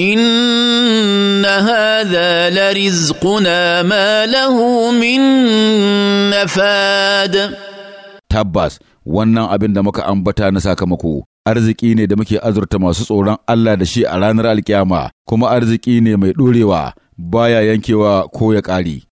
ان هذا لرزقنا ما له من نفاد tabbas wannan abin da muka ambata na sakamako arziki ne da muke azurta masu tsoron Allah da shi a ranar alkiyama kuma arziki ne mai ɗorewa baya yankewa ko ya ƙare.